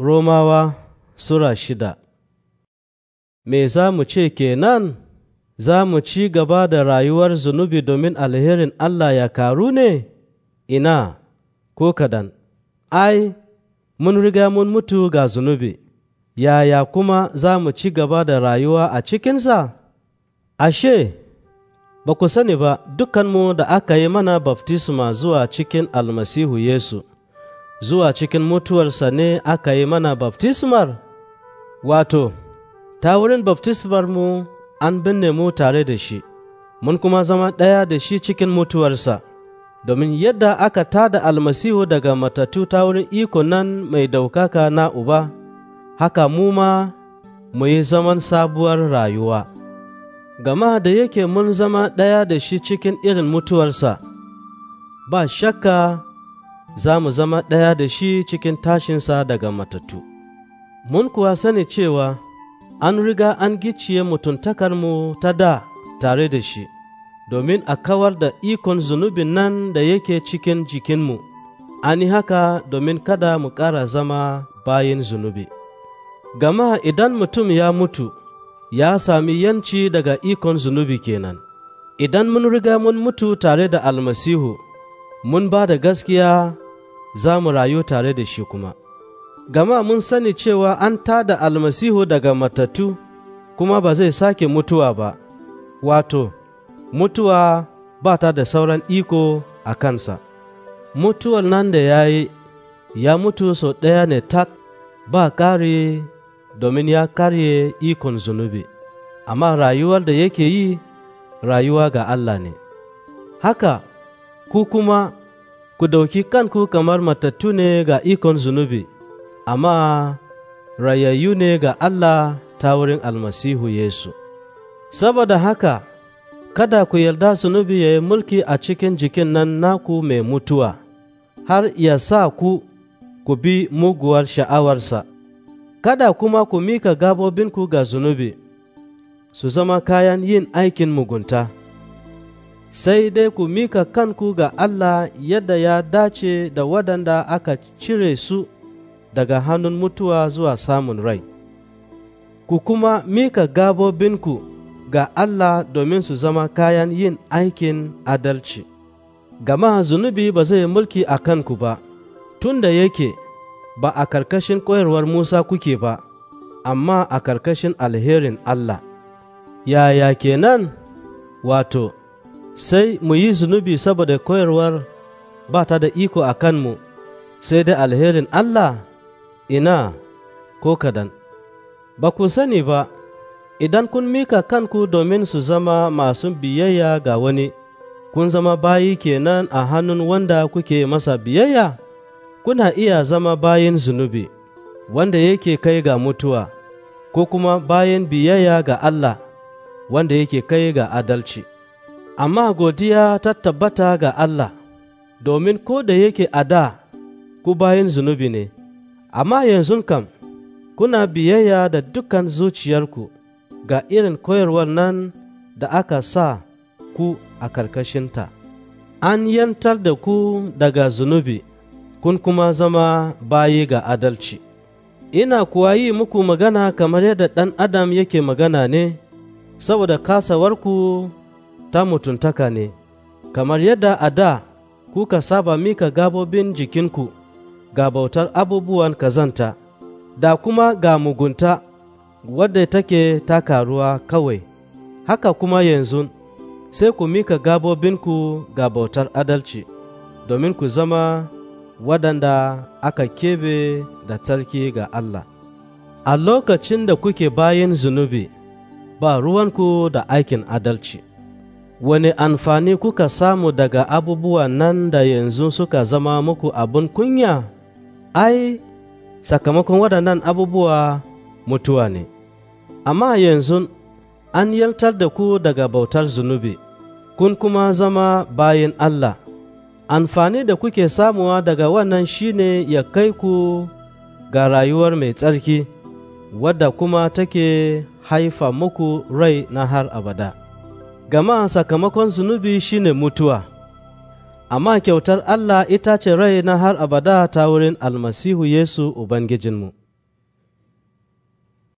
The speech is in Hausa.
Romawa Sura shida Me za mu ce kenan, za mu ci gaba da rayuwar zunubi domin alherin Allah ya karu ne? Ina, ko kadan, ai, mun riga mun mutu ga zunubi, yaya kuma za mu ci gaba da rayuwa a cikinsa? Ashe, ba ku sani ba dukanmu da aka yi mana baftisma zuwa cikin almasihu Yesu. zuwa cikin mutuwarsa ne aka yi mana baftismar? Wato, ta wurin baftismar mu an binne mu tare da shi, mun kuma zama ɗaya da shi cikin mutuwarsa, domin yadda aka tada almasihu daga matattu ta wurin iko nan mai daukaka na uba, haka mu ma mu yi zaman sabuwar rayuwa. Gama da yake mun zama ɗaya da shi cikin irin mutuwarsa, ba shakka za mu zama ɗaya da shi cikin tashinsa daga matattu. Mun kuwa sani cewa an riga an giciye mutuntakarmu ta da tare da shi, domin a kawar da ikon zunubin nan da yake cikin jikinmu, ani haka domin kada mu ƙara zama bayin zunubi. Gama idan mutum ya mutu, ya sami yanci daga ikon zunubi kenan, idan mun riga mun mutu tare da almasihu. mun ba da gaskiya za mu rayu tare da shi kuma. Gama mun sani cewa an ta da almasihu daga matattu kuma ba zai sake mutuwa ba, wato, mutuwa ba ta da sauran iko a kansa. Mutuwar nan da ya yi, ya mutu sau ɗaya ne tak ba ƙari domin ya karye ikon zunubi, amma rayuwar da yake yi rayuwa ga Allah ne. Haka, ku kuma ku ɗauki kanku kamar matattu ne ga ikon zunubi, amma rayayyu ne ga Allah ta wurin almasihu Yesu. Saboda haka, kada ku yarda zunubi ya yi mulki a cikin jikin nan naku mai mutuwa, har ya sa ku ku bi muguwar sha'awarsa, kada kuma ku mika gabobinku ga zunubi, su zama kayan yin aikin mugunta. sai dai ku mika kanku ga Allah yadda ya dace da waɗanda aka cire su daga hannun mutuwa zuwa samun rai, ku kuma mika gabobinku ga Allah domin su zama kayan yin aikin adalci, gama zunubi ba zai mulki a kanku ba, tunda da yake ba a karkashin koyarwar Musa kuke ba, amma a karkashin alherin Allah. Yaya kenan? Wato, sai mu yi zunubi saboda koyarwar ba ta da iko a kanmu sai dai alherin Allah ina ko kadan. Ba ku sani ba, idan kun mika kanku domin su zama masu biyayya ga wani, kun zama bayi kenan a hannun wanda kuke masa biyayya, kuna iya zama bayin zunubi, wanda yake kai ga mutuwa, ko kuma bayin biyayya ga Allah, wanda yake kai ga adalci. amma godiya ta tabbata ga Allah, domin ko da yake a da ku bayan zunubi ne, amma yanzu kam kuna biyayya da dukan zuciyarku ga irin koyarwar nan da aka sa ku a karkashinta. An yantar da ku daga zunubi, kun kuma zama bayi ga adalci. Ina kuwa yi muku magana kamar yadda ɗan Adam yake magana ne, saboda kasawarku ta mutuntaka ne, kamar yadda a da kuka saba mika gabobin jikinku ga bautar abubuwan kazanta, da kuma ga mugunta wadda take takaruwa kawai, haka kuma yanzu sai ku mika gabobinku ga bautar adalci, domin ku zama waɗanda aka kebe da tarki ga Allah. A lokacin da kuke bayan zunubi, ba ruwanku da aikin adalci. wani amfani kuka samu daga abubuwa nan da yanzu suka zama muku abin kunya? Ai, sakamakon waɗannan abubuwa mutuwa ne, amma yanzu an yaltar da ku daga bautar zunubi, kun kuma zama bayan Allah. Amfani da kuke samuwa daga wannan shine ya kai ku ga rayuwar mai tsarki, wadda kuma take haifa muku rai na har abada. gama sakamakon zunubi shine mutuwa, amma kyautar Allah ita ce rai na har abada ta wurin almasihu Yesu Ubangijinmu.